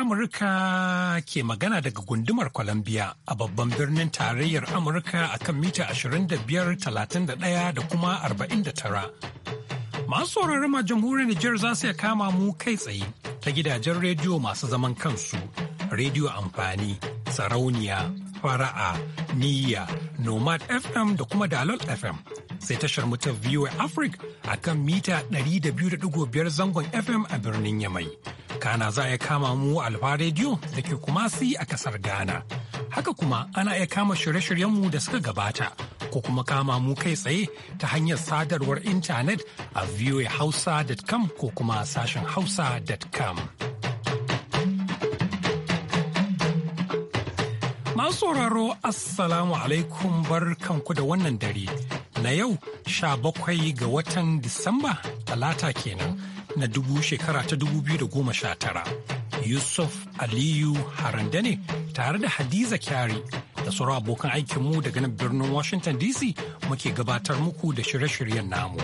Amurka ke magana daga gundumar Columbia a babban birnin tarayyar Amurka a kan mita 25,31 da kuma 49. Masu sauraron jamhuriyar Nijar za su iya kama mu kai tsaye ta gidajen rediyo masu zaman kansu, rediyo amfani, sarauniya, fara'a niyya nomad fm da kuma dalol fm sai tashar mutar VOA Africa a kan mita 200.5 zangon FM a birnin Yamai. Kana za a kama mu Alfa Radio da ke Kumasi a kasar Ghana. Haka kuma ana iya kama shirye-shiryenmu da suka gabata ko kuma kama mu kai tsaye ta hanyar sadarwar intanet a voahausa.com ko kuma sashen hausa.com. Masu sauraro Assalamu alaikum barkanku da wannan dare na yau sha bakwai ga watan Disamba talata kenan na dubu shekara ta dubu biyu da goma sha tara. Yusuf Aliyu Haranda ne tare da Hadiza Kyari da sauran abokan aikinmu daga nan birnin Washington DC muke gabatar muku da shirye-shiryen namu.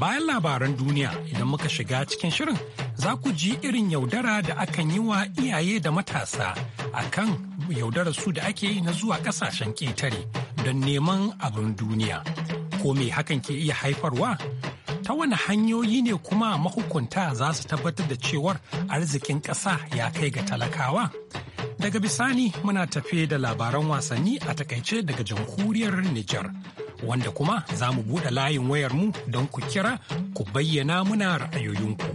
Bayan labaran duniya idan muka shiga cikin shirin za ku ji irin yaudara da akan yi wa iyaye da matasa akan yaudararsu yaudarar su da ake yi na zuwa ƙasashen ƙetare don neman abin duniya. Ko me hakan ke iya haifarwa? Ta wani hanyoyi ne kuma mahukunta za su tabbatar da cewar arzikin ƙasa ya kai ga talakawa? Daga bisani muna tafe da labaran wasanni a takaice daga jamhuriyar Nijar. wanda kuma za mu buɗe layin wayar mu don ku kira ku bayyana muna ra'ayoyinku.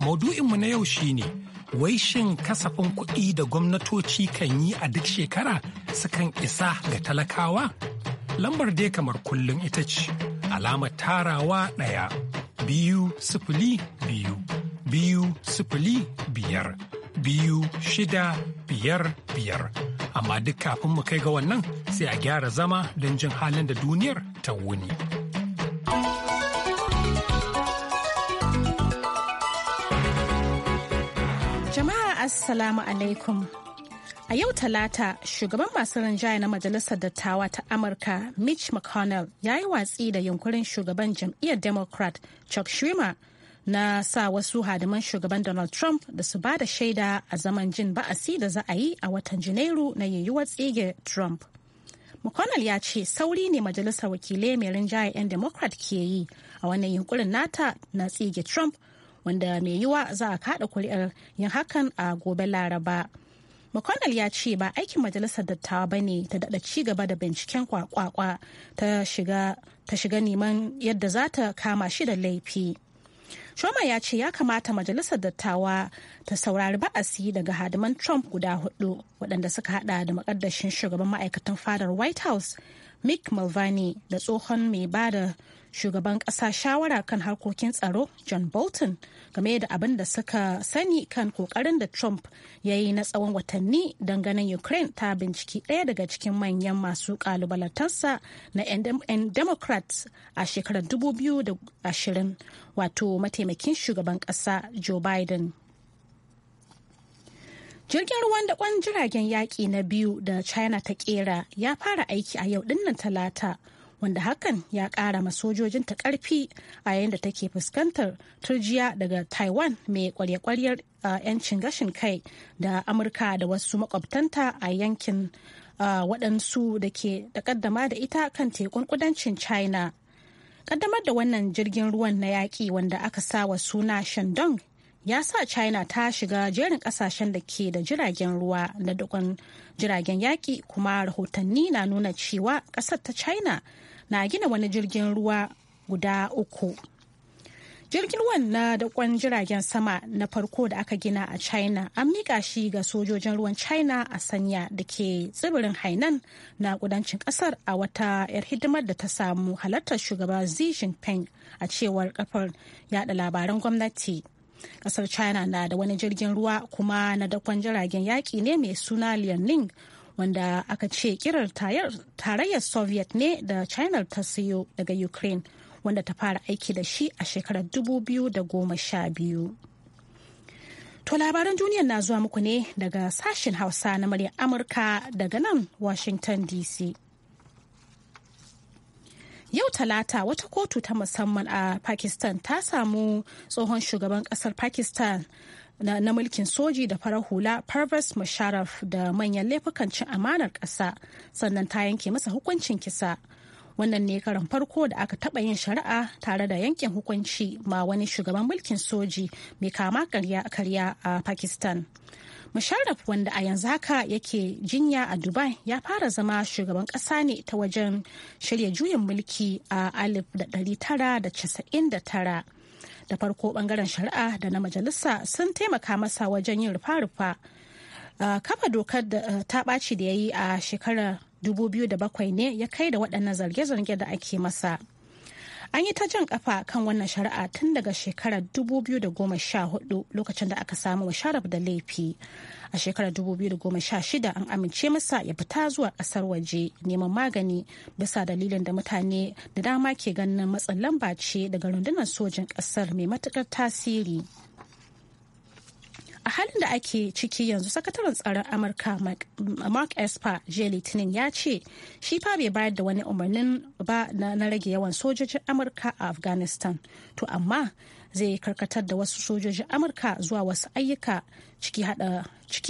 Maudu'inmu na yau shine wai shin kasafin kuɗi da gwamnatoci kan yi a duk shekara sukan isa ga talakawa? Lambar dai kamar kullum ita ce, alamar tarawa ɗaya, biyu sifili biyu, biyu sifili biyar, biyu shida biyar biyar. Amma duk kafin mu kai ga wannan sai a gyara zama don jin halin da duniyar ta wuni. Assalamu alaikum. A yau Talata, shugaban masu rinjaye na Majalisar Dattawa ta Amurka, Mitch McConnell, ya yi watsi da yunkurin shugaban jam'iyyar Democrat Chuck Schumer na sa wasu hadiman shugaban Donald Trump da su ba da shaida a zaman jin ba'asi da za a yi a watan Janairu na yayyuwar tsige Trump. McConnell ya ce sauri ne majalisar wakilai mai rinjaye 'yan Democrat ke yi a wannan yunkurin nata na tsige Trump wanda mai yiwa za a kada kuri'ar yin hakan a gobe laraba mcconnell ya ce ba aikin majalisar dattawa ba ne ta daɗa ci gaba da binciken kwakwakwa ta shiga neman yadda za ta kama shi da laifi Shoma ya ce ya kamata majalisar dattawa ta saurari ba'asi daga hadiman Trump guda hudu waɗanda suka hada da makaddashin shugaban ma'aikatan fadar White House Mick Mulvaney da tsohon mai ba da shugaban ƙasa shawara kan harkokin tsaro john bolton game da abin da suka sani kan ƙoƙarin da trump ya yi na tsawon watanni ganin ukraine ta binciki ɗaya daga cikin manyan masu ƙalubalantarsa na 'yan democrats a shekarar 2020 wato mataimakin shugaban ƙasa joe biden Jirgin ruwan da kwan jiragen yaƙi na biyu da China ta kera ya fara aiki a yau dinnan talata wanda hakan ya kara masojojin ta karfi a yayin da take fuskantar turjiya daga taiwan mai kwarya-kwaryar 'yancin gashin kai da amurka da wasu makwabtanta a yankin waɗansu da ke takaddama da ita kan tekun kudancin china kaddamar da wannan jirgin ruwan na yaƙi wanda aka sa wa suna shandong ya sa china ta shiga jerin kasashen da ke da jiragen ruwa da dukkan jiragen yaƙi kuma rahotanni na nuna cewa ƙasar ta china na gina wani jirgin ruwa guda uku jirgin ruwan na dakon jiragen sama na farko da aka gina a china an mika shi ga sojojin ruwan china a sanya da ke tsibirin hainan na kudancin kasar a wata 'yar hidimar da ta samu halartar shugaba xi jinping a cewar kafar yada labaran gwamnati kasar china na da wani jirgin ruwa kuma na dakon jiragen yaƙi ne mai suna liaoning wanda aka ce kirar tarayyar soviet ne da china ta siyo daga ukraine wanda ta fara aiki da shi a shekarar 2012 to labaran duniyar na zuwa muku ne daga sashen hausa na muryar amurka daga nan washington dc yau talata wata kotu ta musamman a pakistan ta samu tsohon shugaban kasar pakistan na mulkin soji da farar hula Pervez Musharraf da manyan laifukan cin amanar ƙasa sannan ta yanke masa hukuncin kisa. Wannan ne karan farko da aka taɓa yin shari'a tare da yankin hukunci ma wani shugaban mulkin soji mai kama karya a Pakistan. Musharraf wanda a yanzu haka yake jinya a Dubai ya fara zama shugaban ƙasa ne ta wajen shirya juyin mulki a 1999. da farko bangaren shari'a da na majalisa sun taimaka masa wajen yin rufa-rufa kafa dokar da eh, ta ɓaci da ya yi a shekarar 2007 ne ya kai da waɗannan zarge-zarge da ake masa. An yi ta jan kafa kan wannan shari'a tun daga shekarar 2014 lokacin da aka samu Musharraf da laifi. A shekarar 2016 an amince masa ya fita zuwa kasar waje neman magani bisa dalilin da mutane da dama ke ganin matsin lamba ce daga rundunar sojin kasar mai matukar tasiri. a halin da ake ciki yanzu sakataren tsaron amurka mark esper jiya litinin ya ce shi fa bai bayar da wani umarnin ba na rage yawan sojojin amurka a afghanistan to amma zai karkatar da wasu sojojin amurka zuwa wasu ayyuka ciki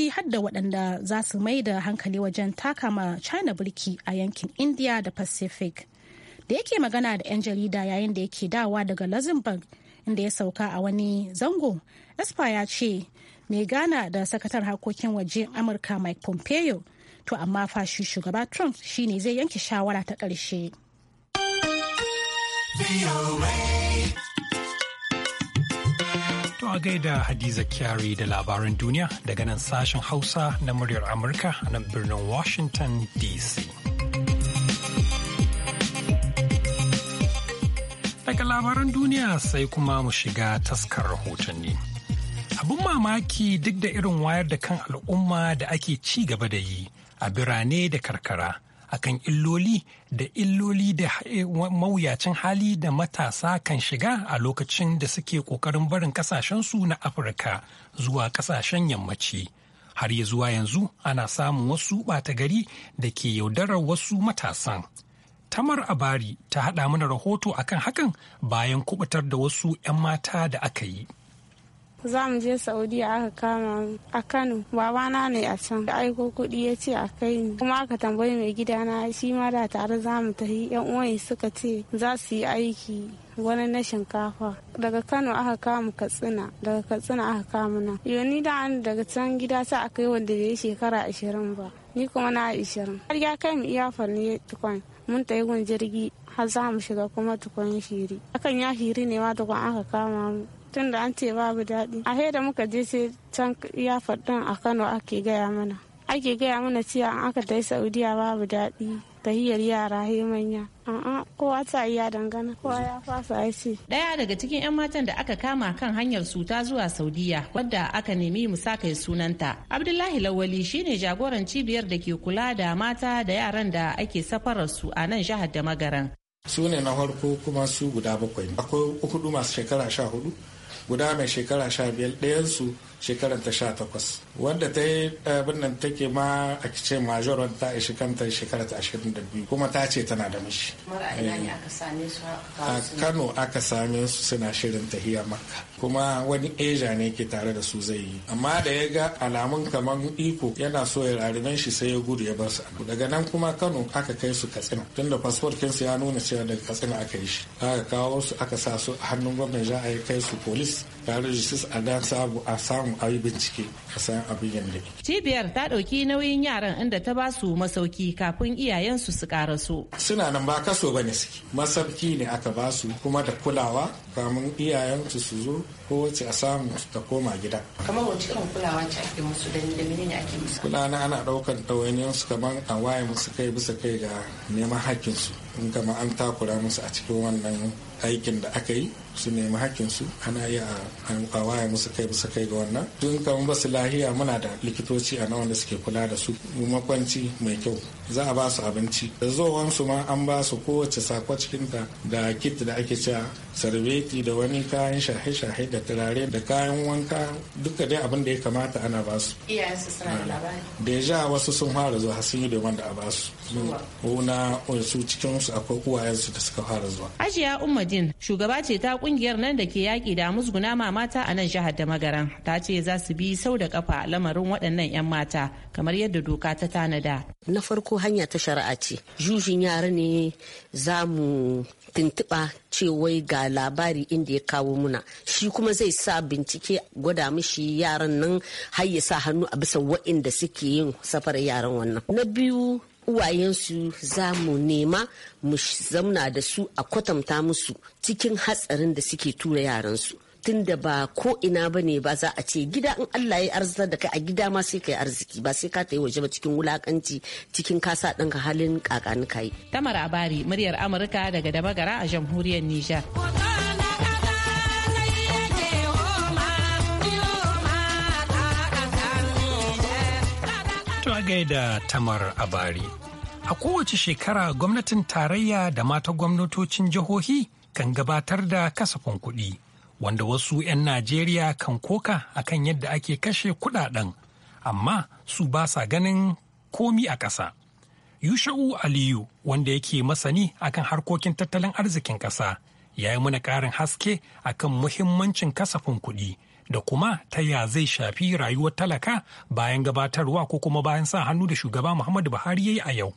hada waɗanda za su mai da hankali wajen taka ma china birki a yankin india da pacific da yake magana da 'yan jarida yayin da yake dawa daga luxembourg inda ya sauka a wani zango espa ya ce mai gana da sakatar harkokin waje amurka mike pompeo to amma fashi shugaba trump shine zai yanke shawara ta ƙarshe. To a gaida Hadiza Kyari da labaran duniya daga nan sashen Hausa na muryar Amurka a nan birnin Washington DC. Daga labaran duniya sai kuma mu shiga taskar rahotanni. Abin mamaki duk da irin wayar da kan al'umma da ake ci gaba da yi a birane da karkara akan illoli da illoli da eh, mawuyacin hali da matasa kan shiga a lokacin da suke ƙoƙarin barin ƙasashensu na Afirka zuwa ƙasashen yammaci. Har ya zuwa yanzu ana samun wasu ɓata gari da ke yaudarar wasu matasan. Tamar Abari ta haɗa mana rahoto akan hakan bayan kubutar da wasu 'yan mata da aka yi. za mu je saudiya aka kama a kano babana ne a can da aiko kuɗi ya ce a kai ni kuma aka tambayi mai gidana shi ma da tare za mu tafi yan uwan suka ce za su yi aiki wani na shinkafa daga kano aka kama katsina daga katsina aka kama na yoni da an daga can gida sa aka yi wanda ya shekara ashirin ba ni kuma na ashirin har ya kai mu iya farni tukwan mun ta yi jirgi har za mu shiga kuma tukwan shiri akan ya shiri ne ma tukwan aka kama mu tunda an ce babu daɗi a da muka je sai can ya faɗin a kano ake gaya mana ake gaya mana cewa an aka tai saudiya babu daɗi hiyar yara he manya a'a kowa ta ya dangana kowa ya fasa ya ce daya daga cikin yan matan da aka kama kan hanyar su ta zuwa saudiya wadda aka nemi musaka sunanta abdullahi lawali shine jagoran cibiyar da ke kula da mata da yaran da ake safarar su a nan jihar da magaran su ne na farko kuma su guda bakwai akwai hudu masu shekara sha hudu guda mai shekara sha biyar su. Shekarar ta sha takwas wanda ta yi abin nan take ma a ce major wanda ta ishi kanta shekarar ta ashirin da biyu kuma ta ce tana da mishi a kano aka same su suna shirin tahiya makka kuma wani Asia ne ke tare da su zai yi amma da ya ga alamun kamar iko yana so ya shi sai ya gudu ya bar su daga nan kuma kano aka kai su katsina tunda fasfot kinsu ya nuna cewa daga katsina aka yi shi aka kawo su aka sa su a hannun gwamnati za a yi kai su polis tare da a samu a yi bincike a san abin yadda yake. Cibiyar ta ɗauki nauyin yaran inda ta ba su masauki kafin iyayensu su karaso. Suna nan ba kaso ba ne suke. Masauki ne aka ba su kuma da kulawa kamun iyayensu su zo ko wace a samu ta koma gida. Kamar wace kan kulawa ce ake musu da mene ne ake musu? Kula na ana ɗaukan ɗawainiyarsu kamar a waye musu kai bisa kai ga neman su. in gama an takura musu a cikin wannan aikin da aka yi su nemi hakinsu ana yi a waya musu kai bisa kai ga wannan tun kamar basu lahiya muna da likitoci a wanda suke kula da su makwanci mai kyau za a ba su abinci da zuwan su ma an ba su kowace sako cikin ta da kit da ake cewa sarbeti da wani kayan shahe-shahe da turare da kayan wanka duka dai abin da ya kamata ana ba su su suna da labari deja wasu sun fara zuwa sun yi da wanda a ba su ko wasu cikin su akwai su da suka fara zuwa ajiya ummadin shugaba ce ta kungiyar nan da ke yaki da musguna ma mata a nan jihar da magaran ta ce za su bi sau da kafa lamarin waɗannan 'yan mata kamar yadda doka ta tanada na farko hanya ta shari'a ce jujin yara ne za mu tuntuɓa ce wai ga labari inda ya kawo muna shi kuma zai sa bincike gwada mishi yaran nan har ya sa hannu a bisa wa'inda suke yin safar yaran wannan na biyu uwayensu za mu nema mu zamna da su a kwatanta musu cikin hatsarin da suke tura yaransu tun da ba ko ina ba ne ba za a ce gida in Allah ya arzita da kai a gida ma sai kai arziki ba sai ka ta yi waje ba cikin wulakanci cikin kasa ka halin kakani kai. Tamar Abari muryar Amurka daga damagara a jamhuriyar Nijar. gaida tamar abari. A kowace shekara gwamnatin tarayya da mata gwamnatocin jihohi kan gabatar da kasafin kuɗi, wanda wasu 'yan Najeriya kan koka akan yadda ake kashe kuɗaɗen, amma su ba sa ganin komi a ƙasa. Yusha'u Aliyu, wanda yake masani akan harkokin tattalin arzikin ƙasa, ya yi muna ƙarin haske akan muhimmancin kasafin kuɗi. da kuma ta ya zai shafi rayuwar talaka bayan gabatarwa ko kuma bayan sa hannu da shugaba Muhammadu Buhari ya yi a yau.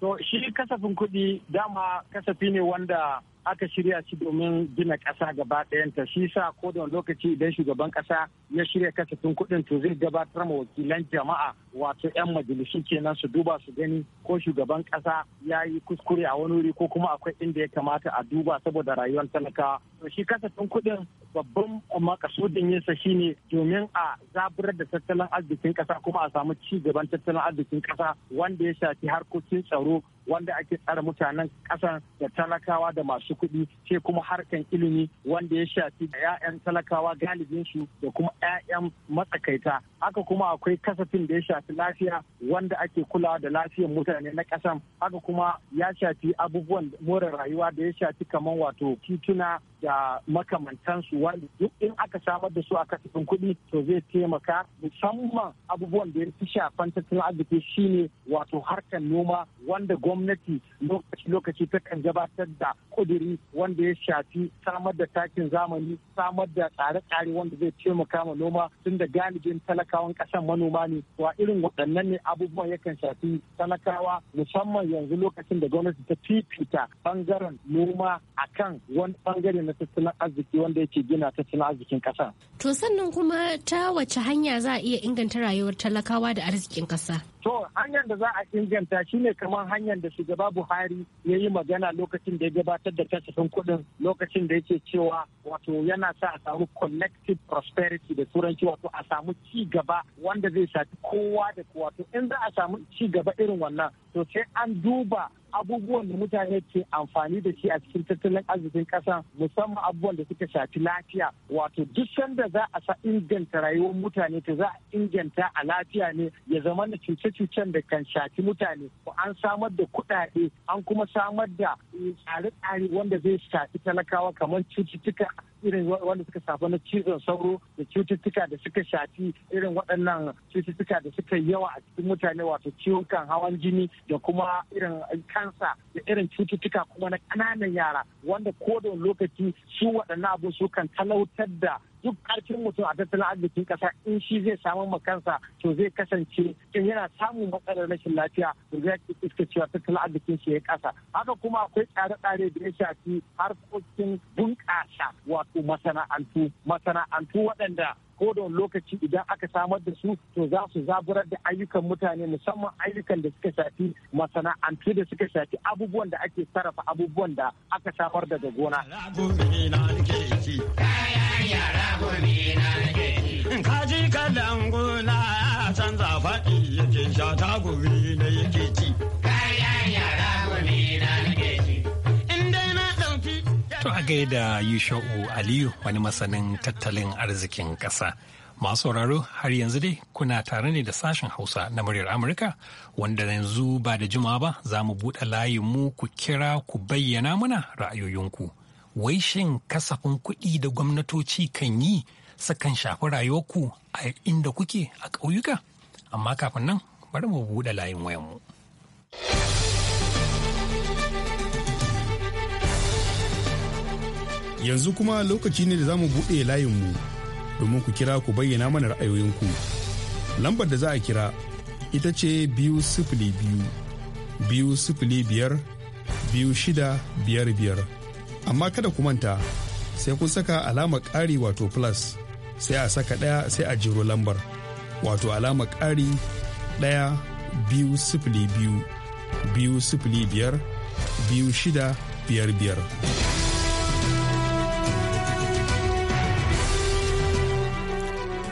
To shi kasafin kuɗi dama kasafi ne wanda aka shirya shi domin gina ƙasa gaba ɗayanta shi sa ko da lokaci idan shugaban ƙasa ya shirya kasafin kuɗin to zai gabatar ma wakilan jama'a wato 'yan majalisu kenan su duba su gani ko shugaban ƙasa ya yi kuskure a wani wuri ko kuma akwai inda ya kamata a duba saboda rayuwar talakawa to shi kasafin kuɗin babban makasudin yinsa shine domin a zaburar da tattalin arzikin ƙasa kuma a samu ci gaban tattalin arzikin ƙasa wanda ya shafi harkokin tsaro wanda ake tsara mutanen ƙasa da talakawa da masu kuɗi ce kuma harkan ilimi wanda ya shafi 'ya'yan talakawa galibin su da kuma 'ya'yan matsakaita haka kuma akwai kasafin da ya shafi lafiya wanda ake kulawa da lafiyar mutane na ƙasan haka kuma ya shafi abubuwan more rayuwa da ya shafi kamar wato tituna da makamantansu wanda duk in aka samar da su a kasafin kuɗi to zai taimaka musamman abubuwan da ya fi shafan tattalin arziki shine wato harkan noma wanda gwamnati lokaci-lokaci ta kan gabatar da kudi kuduri wanda ya shafi samar da takin zamani samar da tsare-tsare wanda zai taimaka ma noma tun da galibin talakawan kasan manoma ne wa irin waɗannan ne abubuwan yakan shafi talakawa musamman yanzu lokacin da gwamnati ta fifita ɓangaren noma akan wani ɓangare na tattalin arziki wanda yake gina tattalin arzikin kasan. To sannan kuma ta wace hanya za a iya inganta rayuwar talakawa da arzikin ƙasa? To hanyar da za a inganta shine kamar hanyar da shugaba Buhari ya yi magana lokacin da ya gabatar da kasafin kuɗin lokacin da yake cewa wato yana sa a samu collective prosperity da turanci wato a samu ci gaba wanda zai shafi kowa da wato in za a samu ci gaba irin wannan to sai an duba abubuwan da mutane ke amfani da shi a cikin tattalin arzikin ƙasa musamman abubuwan da suka shafi lafiya wato duk sanda za a sa inganta rayuwar mutane ta za a inganta a lafiya ne ya zama da cuce-cucen da kan shafi mutane ko an samar da kuɗaɗe an kuma samar da tsare-tsare wanda zai shafi talakawa kamar cututtuka irin wanda suka safa na cizon sauro da cututtuka da suka shafi irin waɗannan cututtuka da suka yi yawa a cikin mutane wato ciwon kan hawan jini da kuma irin kansa da irin cututtuka kuma na ƙananan yara wanda ko da lokaci su waɗannan abu su kan talautar da duk karfin mutum a tattalin arzikin kasa in shi zai samu makansa to zai kasance in yana samun matsalar rashin lafiya to zai iska cewa tattalin arzikin shi ya kasa haka kuma akwai tsare-tsare da ya shafi harkokin bunƙasa wato masana'antu masana'antu waɗanda kodon lokaci idan aka samar da su to za su zaburar da ayyukan mutane musamman ayyukan da suka shafi masana'antu da suka shafi abubuwan da ake sarrafa abubuwan da aka samar daga gona. yara gobe na nake. Kaji kalan gona canza faɗi yake sha ta gobe na yake ci. yara na nake To a gaida Yusha'u Aliyu wani masanin tattalin arzikin ƙasa. Masu sauraro har yanzu dai kuna tare ne da sashen Hausa na muryar Amurka wanda yanzu ba da jima ba za mu buɗe layin mu ku kira ku bayyana muna ra'ayoyinku. wai shin kasafin kuɗi da gwamnatoci kan yi sukan shafi rayuwarku a inda kuke a ƙauyuka? Amma kafin nan bari mu buɗe layin wayanmu. Yanzu kuma lokaci ne da za mu buɗe layinmu domin ku kira ku bayyana mana ra'ayoyinku. Lambar da za a kira ita ce biyu sifili biyu, biyu sifili biyar, biyu shida biyar biyar. amma kada ku manta sai kun saka alama ƙari wato plus sai a saka ɗaya sai a jiro lambar wato alama ƙari ɗaya biyu sifili biyu biyu sifili biyar biyu shida biyar biyar.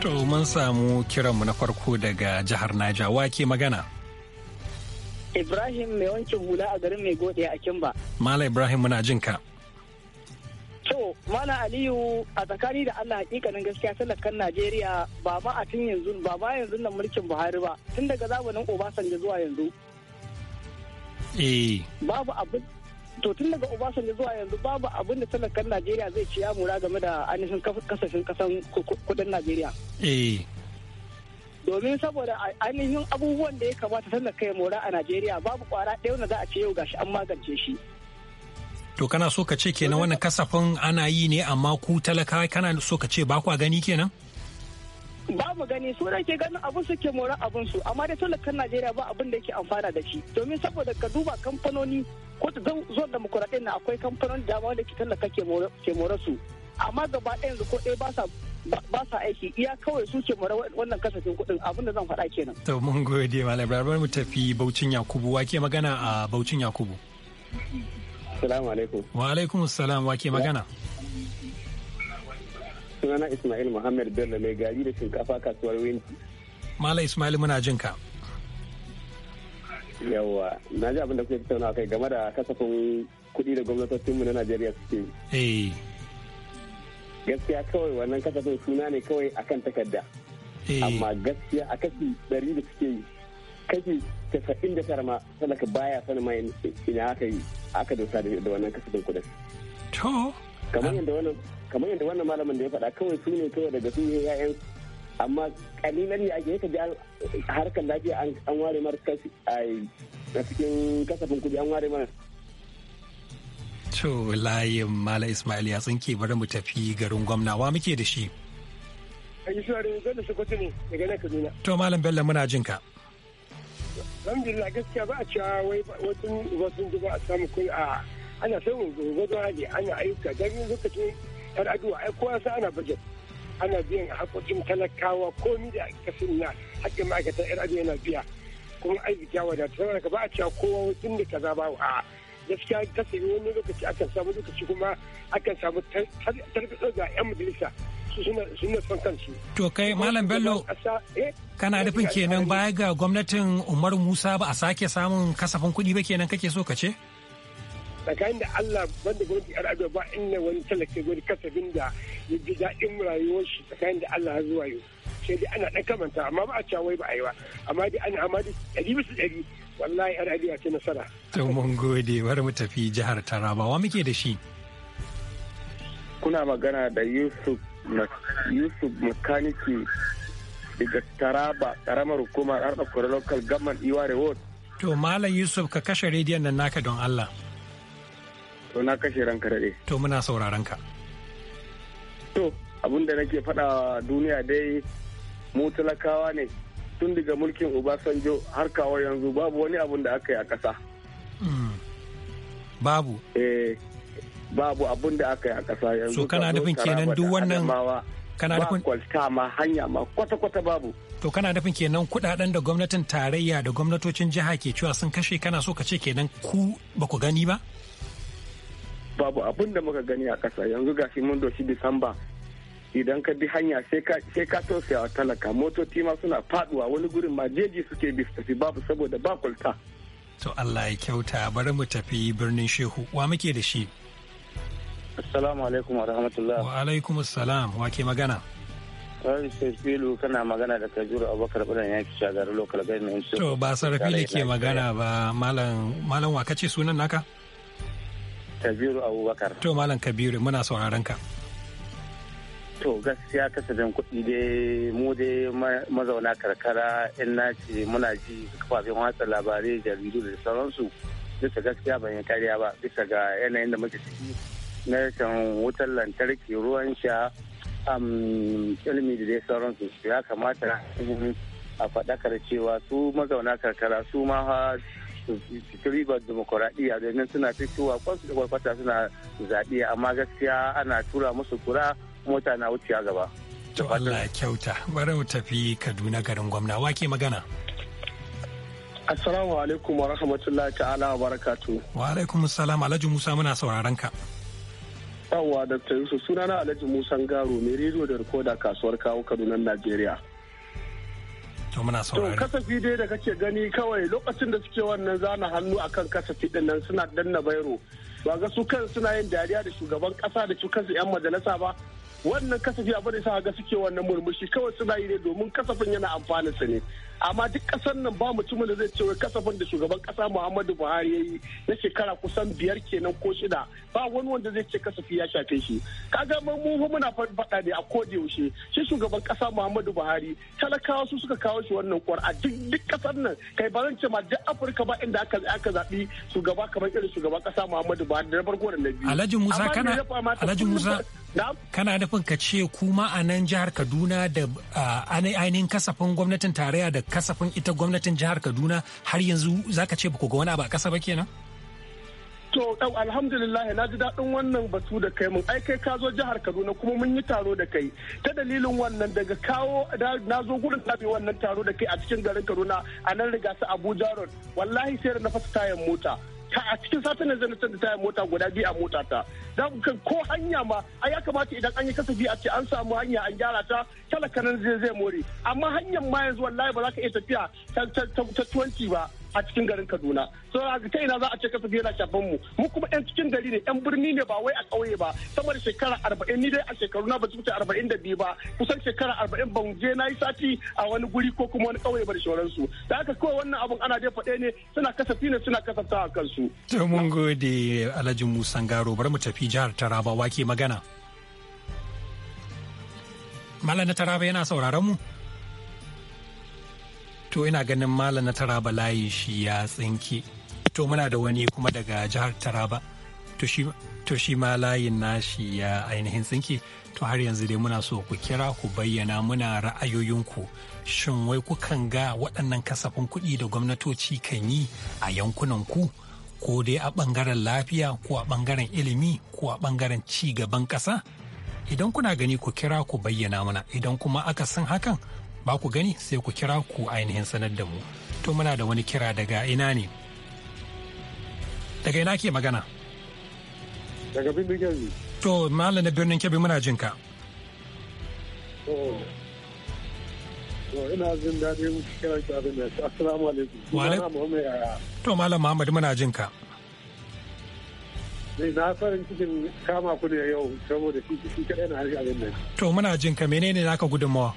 To mun samu kiranmu na farko daga jihar Naija wake magana. Ibrahim mai wankin hula a garin mai gode a Kimba. Mala Ibrahim muna jinka. To, Aliyu a tsakani da Allah hakikanin gaskiya talakan Najeriya ba ma a tun yanzu ba ba yanzu nan mulkin Buhari ba tun daga zamanin Obasanjo zuwa yanzu. Eh. Babu abin to tun daga Obasanjo zuwa yanzu babu abin da talakan Najeriya zai ci ya mura game da ainihin kasashen kasan kudin Najeriya. Eh. domin saboda ainihin abubuwan da ya kamata talaka ya mora a Najeriya babu kwara ɗaya na za a ce yau gashi an magance shi. to kana so ka ce kenan wannan kasafin ana yi ne amma ku talaka kana so ka ce ba kwa gani kenan ba mu gani su ke ganin abin su ke mora abin su amma dai talakan najeriya ba abin da yake amfana da shi domin saboda ka duba kamfanoni ko ta zo da mukuraɗin na akwai kamfanoni dama da ke talaka ke mora su amma gaba ɗaya yanzu ko ɗaya ba sa ba sa aiki iya kawai su ke mora wannan kasafin kuɗin abin da zan faɗa kenan. to mun gode malam ibrahim mu tafi baucin yakubu wake magana a baucin yakubu. Salamu alaikum. Wa alaikum salam wa ke magana? Sunana Ismail Muhammad Bello mai gari da shinkafa kasuwar Winti. Mala Ismail muna jin ka. Yawwa, na ji abin da kuke tattauna kai game da kasafin kuɗi da gwamnatocinmu na Najeriya suke. Eh. Gaskiya kawai wannan kasafin suna ne kawai akan takarda. Eh. Amma gaskiya a kashi ɗari da suke yi kashi tasa'in da tara ma talaka baya sanin ma ina aka yi aka dosa da wannan kasafin kudin. To. Kamar yadda wannan kamar yadda wannan malamin da ya faɗa kawai su ne kawai daga su ne ya'yan amma kalilan ne ake yaka ji harkar lafiya an ware mara kasi a cikin kasafin kuɗi an ware mara. To layin Mala Ismail ya tsinke bari mu tafi garin gwamna wa muke da shi. Ayi shi da shi ne daga nan Kaduna. To Malam Bello muna jin ka. alhamdulillah gaskiya ba a cewa wai wasu wasu ba a samu kai a ana samun gwagwadon ne ana ayyuka don yin lokacin yar aduwa ai kowa sa ana budget ana biyan haƙoƙin talakawa komi da kafin na haƙƙin ma'aikatan yar aduwa yana biya kuma arziki ya wadata saboda ba a cewa kowa wasu da kaza ba a gaskiya yi wani lokaci akan samu lokaci kuma akan samu tarbiyyar ga 'yan majalisa su suna son kansu. To kai Malam Bello eh? kana nufin kenan baya ga gwamnatin Umar Musa ba a sake samun kasafin kuɗi ba kenan kake so kace? tsakanin da Allah banda gwamnati yar ado ba inna wani talaka wani kasafin da ya ji daɗin rayuwar shi tsakanin da Allah ya zuwa yau sai dai ana ɗan kamanta amma ba a cawai ba a yi ba amma dai ana amma dai ɗari bisa ɗari wallahi yar ado ya ce nasara. to mun gode bari mu tafi jihar Taraba wa muke da shi. kuna magana da Yusuf yusuf makaniki daga taraba karamar hukumar kore local gamman iware ward to malam yusuf ka kashe rediyon nan naka don allah to na kashe ranka daɗe to muna sauraron ka to abin da nake faɗa duniya dai mu talakawa ne tun daga mulkin obasanjo har kawo yanzu babu wani abun da aka yi a ƙasa hmm. babu eh babu abun da aka yi a ƙasa yanzu so kana nufin kenan duk wannan kana nufin kwalta ma hanya ma kwata-kwata babu to kana nufin kenan kudaden da gwamnatin tarayya da gwamnatocin jiha ke cewa sun kashe kana so ka ce kenan ku ba ku gani ba babu abun da muka gani a ƙasa yanzu ga shi mun doshi disamba idan ka bi hanya sai ka tausaya talaka motoci ma suna faduwa wani gurin ma jeji suke bi tafi babu saboda ba kwalta to Allah ya kyauta bari mu tafi birnin shehu wa muke da shi Assalamu alaikum wa rahmatullah. Wa alaikum assalam wa ke magana. Sarki Sarfilu kana magana da Kajuru Abubakar Bulan yaki shagarar local government. To ba da ke magana ba malam malam wa kace sunan naka? Kabiru Abubakar. To malam Kabiru muna sauraron ka. To gaskiya kasafin kuɗi dai mu dai mazauna karkara in na ce muna ji kafafen watsa labarai jaridu da sauransu bisa gaskiya ban yi kariya ba bisa ga yanayin da muke ciki na rashin wutar lantarki ruwan sha ilimi da dai sauransu ya kamata a faɗakar cewa su mazauna karkara su ma su ribar demokuraɗiyya domin suna fitowa kwansu da kwalfata suna zaɓe amma gaskiya ana tura musu kura mota na wuciya gaba. To Allah kyauta bari mu tafi Kaduna garin gwamna wake magana. Assalamu alaikum wa rahmatullahi ta'ala wa barakatu. Wa alaikum salam Alhaji Musa muna sauraron ka. Yawwa Dr. Yusuf sunana Alhaji Musan Garo mai rediyo da rikoda kasuwar kawo kadunan Najeriya. To muna saurari. kasafi dai da kake gani kawai lokacin da suke wannan zana hannu akan kasafi din nan suna danna bairo. Ba ga su kan suna yin dariya da shugaban kasa da su kansu 'yan majalisa ba. Wannan kasafi abin da sa ga suke wannan murmushi kawai suna yi ne domin kasafin yana amfanin su ne. amma duk kasar nan ba mutumin da zai ce kasafin da shugaban kasa muhammadu buhari ya yi na shekara kusan biyar kenan ko shida ba wani wanda zai ce kasafi ya shafe shi kaga mu muna faɗa ne a da yaushe shi shugaban kasa muhammadu buhari talakawa su suka kawo shi wannan kwar a duk duk kasar nan kai ba zan ce ma duk afirka ba inda aka aka zaɓi shugaba kamar irin shugaban kasa muhammadu buhari da farko da na biyu alhaji musa kana alhaji musa kana nufin ka ce kuma a nan jihar kaduna da ainihin kasafin gwamnatin tarayya da kasafin ita gwamnatin jihar Kaduna har yanzu za ka ce ba ku ga wani abu a ƙasa ba kenan? To alhamdulillah na ji daɗin wannan batu da kai mun aikai ka zo jihar Kaduna kuma mun yi taro da kai ta dalilin wannan daga kawo na zo gurin tafi wannan taro da kai a cikin garin Kaduna a nan riga su Abuja Road wallahi sai da na fasa tayan mota a cikin satin nan zan da taya mota guda biyu a mota ta za ku kan ko hanya ma a ya kamata idan an yi kasafi a ce an samu hanya an gyara ta talaka nan zai zai more amma hanyar ma yanzu wallahi ba za ka iya tafiya ta 20 ba a cikin garin Kaduna so ta ina za a ce kasa yana shafan mu mu kuma yan cikin gari ne yan birni ne ba wai a ƙauye ba sama da shekara arba'in ni dai a shekaru na ba su wuce arba'in da biyu ba kusan shekara arba'in ban je na yi sati a wani guri ko kuma wani ƙauye ba da shauransu da haka kawai wannan abun ana dai faɗe ne suna kasafi ne suna kasafta a kansu. to mun gode alhaji Musa garo bari mu tafi jihar taraba wake magana. malam na taraba yana sauraron mu. to ina ganin malam na taraba layi shi ya tsinki to muna da wani kuma daga jihar taraba to shi ma layin nashi ya ainihin tsinki to har yanzu dai muna so ku kira ku bayyana muna ra'ayoyinku shin wai kukan ga waɗannan kasafin kuɗi da gwamnatoci kan yi a yankunan ku ko dai a ɓangaren lafiya ko a ɓangaren ilimi ko a ɓangaren ci gaban ƙasa idan kuna gani ku kira ku bayyana mana idan kuma aka san hakan ba ku gani sai ku kira ku ainihin sanar da mu to muna da wani kira daga ina ne daga ina ke magana daga birnin kebbi to malam na birnin kebbi muna jin ka ina jin daɗin to malam muhammad muna jin ka na farin cikin kama ku ne yau saboda shi kaɗai na hari abin nan to muna jin ka menene naka gudunmawa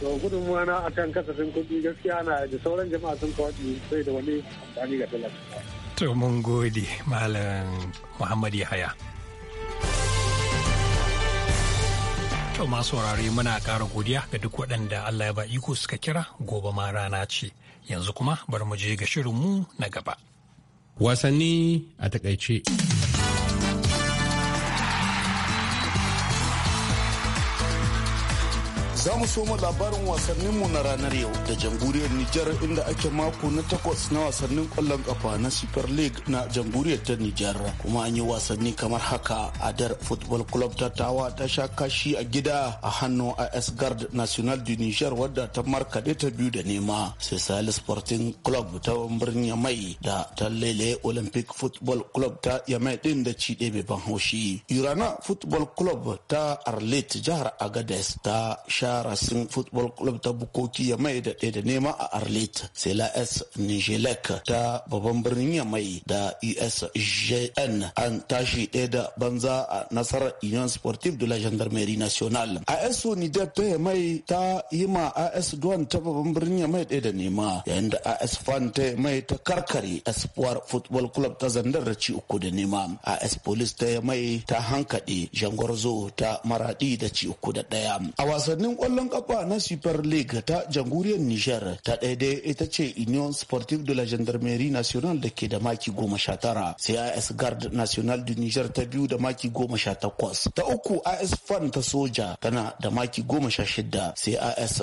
to gudunmuwa na a kan kasafin kuɗi gaskiya na da sauran jama'a sun kawai sai da wani amfani ga talaka. to mun gode malam muhammad yahaya To masu saurare muna ƙara godiya ga duk waɗanda Allah ya ba iko suka kira gobe ma rana ce. Yanzu kuma bar mu je ga shirinmu na gaba. Wasanni a takaice. Za mu soma labarin wasannin mu na ranar yau da jamhuriyar Nijar inda ake mako na takwas na wasannin kwallon kafa na Super League na jamhuriyar ta Nijar. Kuma an yi wasanni kamar haka Adar Football Club ta tawa ta sha kashi a gida a hannu a Guard National de Nijar wadda ta markaɗe ta biyu da nema. Sai Sali Sporting Club ta birnin Yamai da ta lele Olympic Football Club ta Yamai din da ci ɗebe ban haushi. Irana Football Club ta Arlit jihar Agades ta sha racing football club ta bukoki ya mai da da nema a arlit sai la s nijelek ta babban birnin ya mai da usjn an tashi ɗaya da banza a nasarar union sportive de la gendarmerie nationale as Unidad ta ya mai ta yi ma as duwan ta babban birnin ya mai ɗaya da nema yayin da as fan ta ya mai ta karkare espoir football club ta zandar da ci uku da nema as police ta ya mai ta hankaɗe jangwarzo ta maradi da ci uku da ɗaya a wasannin kwallon kafa na super league ta jamhuriyar niger ta daidai ita ce union sportive de la gendarmerie nationale da ke da maki goma sha tara sai guard national du niger ta biyu da maki goma sha takwas ta uku IS fan ta soja tana da maki goma sha shida sai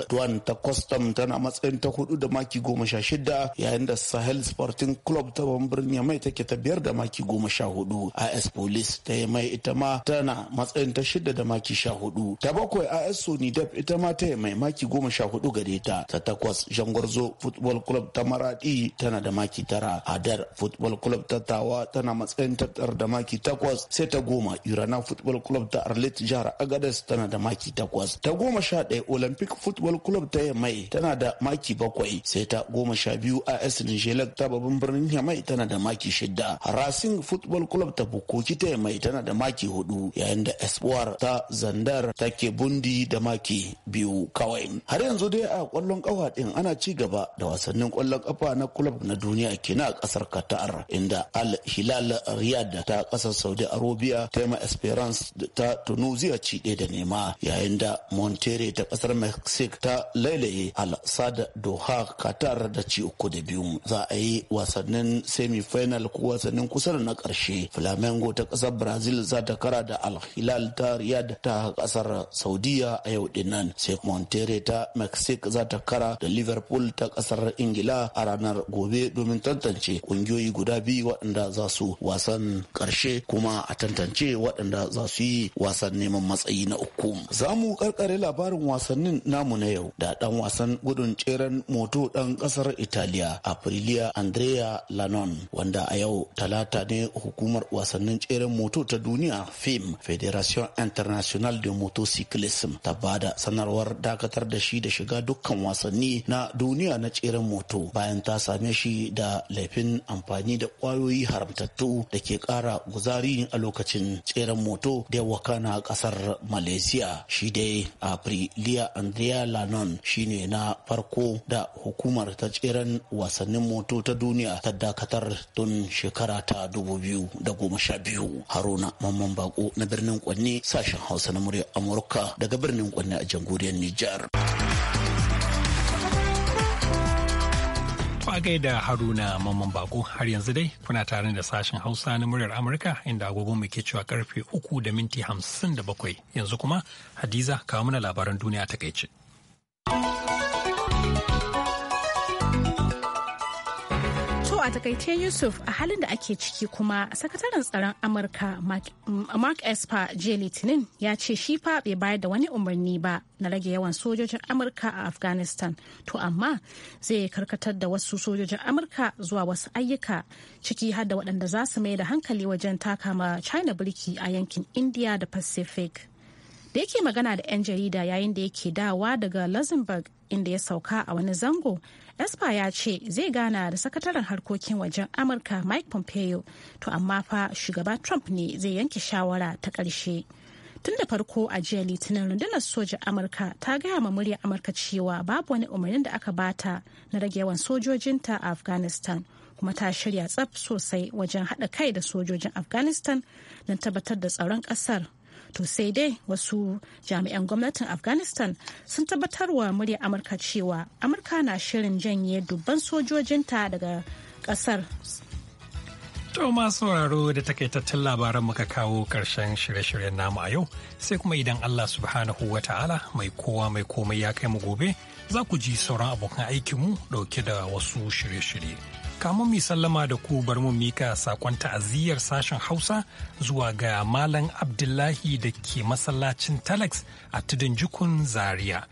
duan ta custom tana matsayin ta hudu da maki goma sha shida yayin da sahel sporting club ta bambirin yamai take ta biyar da maki goma sha hudu IS police ta yamai ita ma tana matsayin ta shida da maki sha hudu ta bakwai is sonidep ita ma ta mai maki goma sha hudu gare ta ta takwas jangwarzo football club ta maradi tana da maki tara adar football club ta tawa tana matsayin tattar da maki takwas sai ta goma urana football club ta arlit jihar agadas tana da maki takwas ta goma sha ɗaya olympic football club ta mai tana da maki bakwai sai ta goma sha biyu as nijelak ta babban birnin mai tana da maki shida racing football club ta bukoki ta mai tana da maki hudu yayin da espoir ta zandar take bundi da maki biyu kawai har yanzu dai a kwallon kafa din ana ci gaba da wasannin kwallon kafa na kulab na duniya ke a kasar qatar inda al hilal riyad ta kasar saudi arabia ta ma esperance ta tunisia ci ɗaya da nema yayin da monterrey ta kasar mexico ta lailaye al Sadd doha qatar da ci uku da biyu za a yi wasannin semi final ko wasannin kusa na karshe flamengo ta kasar brazil za ta kara da al hilal ta riyad ta kasar saudiya a yau dinnan Union sai monterrey ta mexico za ta kara da liverpool ta kasar ingila a ranar gobe domin tantance kungiyoyi guda biyu waɗanda za su wasan ƙarshe kuma a tantance waɗanda za su yi wasan neman matsayi na uku za mu karkare labarin wasannin namu na yau da ɗan wasan gudun tseren moto ɗan ƙasar italiya aprilia andrea lanon wanda a yau talata ne hukumar wasannin tseren moto ta duniya fim federation international de motocyclism ta bada sanarwar dakatar da shi da shiga dukkan wasanni na duniya na tseren moto bayan ta same shi da laifin amfani da kwayoyi haramtattu da ke kara guzari a lokacin tseren moto da wakana a kasar malaysia shi dai a priliya andrea lanon shine na farko da hukumar ta tseren wasannin moto ta duniya ta dakatar tun shekara ta da 2012 haruna mamman bako na birnin kwanne sashen hausa na murya amurka daga birnin kwanne a jamhuriyar Nijar. Fagai da Haruna Mamman Bako har yanzu dai kuna tare da sashen Hausa na muryar Amurka inda agogon mu ke cewa karfe uku da minti hamsin da bakwai yanzu kuma Hadiza kawo mana labaran duniya takaice. a takaice Yusuf a halin da ake ciki kuma sakataren tsaron Amurka Mark Esper jiya Litinin ya ce shi fa bai bayar da wani umarni ba na rage yawan sojojin Amurka a Afghanistan. To amma zai karkatar da wasu sojojin Amurka zuwa wasu ayyuka ciki har da waɗanda za su mai da hankali wajen takama China birki a yankin India da Pacific. da yake magana da 'yan jarida yayin da yake dawa daga luxembourg inda ya sauka a wani zango espa ya ce zai gana da sakataren harkokin wajen amurka mike pompeo to amma fa shugaba trump ne zai yanke shawara ta ƙarshe tun da farko a jiya litinin rundunar sojan amurka ta gaya ma muryar amurka cewa babu wani umarnin da aka bata na rage yawan sojojinta a afghanistan kuma ta shirya tsaf sosai wajen haɗa kai da sojojin afghanistan don tabbatar da tsaron ƙasar To sai dai wasu jami'an gwamnatin Afghanistan sun tabbatarwa murya Amurka cewa Amurka na shirin janye dubban sojojinta daga kasar. To masu sauraro da takaitattun labaran muka kawo karshen shirye-shiryen namu a yau sai kuma idan Allah subhanahu wa ta'ala mai kowa mai komai ya kai mu gobe za ku ji sauran abokan aikinmu dauke da wasu shirye-shirye. kamun mi sallama da ku bar mu mika sakon ta'aziyyar sashen Hausa zuwa ga Malam Abdullahi da ke masallacin Telex a tudun jikun Zaria.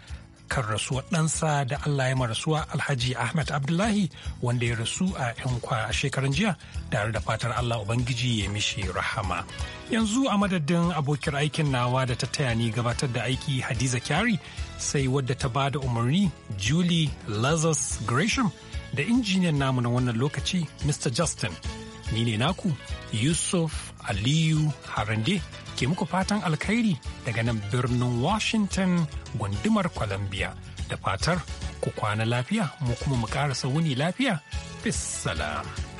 Kan rasuwa ɗansa da Allah ya rasuwa Alhaji Ahmed Abdullahi wanda ya rasu a 'yan kwa shekaran jiya tare da fatar Allah Ubangiji ya mishi rahama. yanzu a madadin abokin aikin nawa da ta taya ni gabatar da aiki hadiza kyari sai wadda ta ba da umarni julie lazarus gresham da injiniyan namu na wannan lokaci Mr. Justin. Ni ne naku Yusuf Aliyu Harande ke muku fatan alkhairi daga nan birnin Washington gundumar Columbia da fatar ku kwana lafiya mu kuma mu ƙara wuni lafiya. Bis salam.